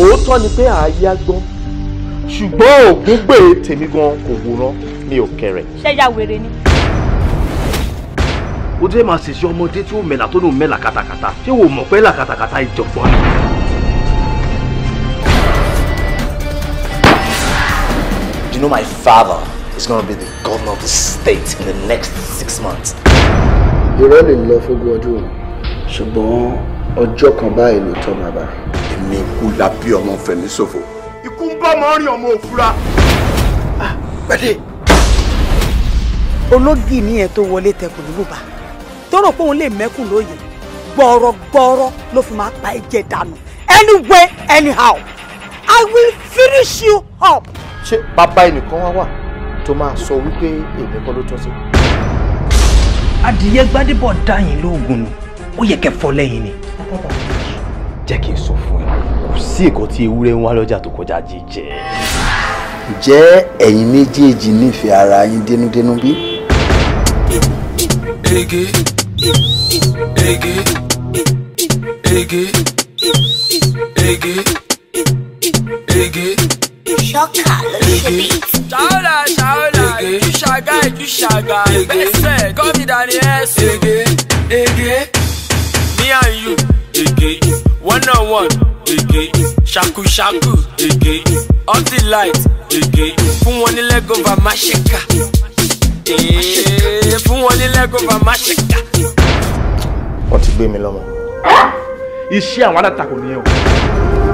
òótọ́ ni pé àáyá gbọ́n ṣùgbọ́n ògún gbé tèmi gan kò wòran mi ò ṣẹ́yà wèrè ni. ó dé máa ṣèṣe ọmọdé tí ó mẹ́la tó lóun mẹ́la katakata tí ò mọ̀ pé là katakata ni. You know my father is gonna be the governor of the state in the next six months. irọ́ lè lọ fógún ọdún ṣùgbọ́n ọjọ́ kan báyìí ló tọ́ màbá ẹni ikú la ọmọ fẹ̀mí ṣòfò. ikú ń bá ọmọ rìn ọmọ òfura. pẹ̀lẹ́. Ah, ológì ni tó wọlé tẹkùn ní bùbá tọrọ pé òun lè mẹkùn lóye gbọrọ gbọrọ ló fi máa pa ẹ̀jẹ̀ dànù anywhere anyhow i will finish you up. ṣé bàbá ẹnìkan wá wà tó máa sọ wípé èmi kọ́ ló tọ́ sí. adìyẹ gbadébọ̀ dá lóògùn ni ó yẹ kẹ́ fọ́ ni jẹ́ kí n sọ fún ẹ kò sí èkó tí ewúrẹ́ ń wá lọ́jà tó kọjá jíjẹ. ǹjẹ́ ẹ̀yin méjèèjì nífẹ̀ẹ́ ara yín dénúdénú bí? ege ege ege ege ege. ṣọ́kà ló ṣe bí. ṣàwọ́là ṣàwọ́là ìjúṣàgá ìjúṣàgá ìgbésẹ̀ gómìnà ni ẹ̀ ṣe. ege ege me and you again. One on one again. Shaku shaku again. All the light again. Fún wọn ní leg over má ṣe ká. Eh, fún wọn ní leg over má ṣe ká. Wọ́n ti gbé mi lọ́mọ. Iṣẹ́ àwọn alátakò nìyẹn o.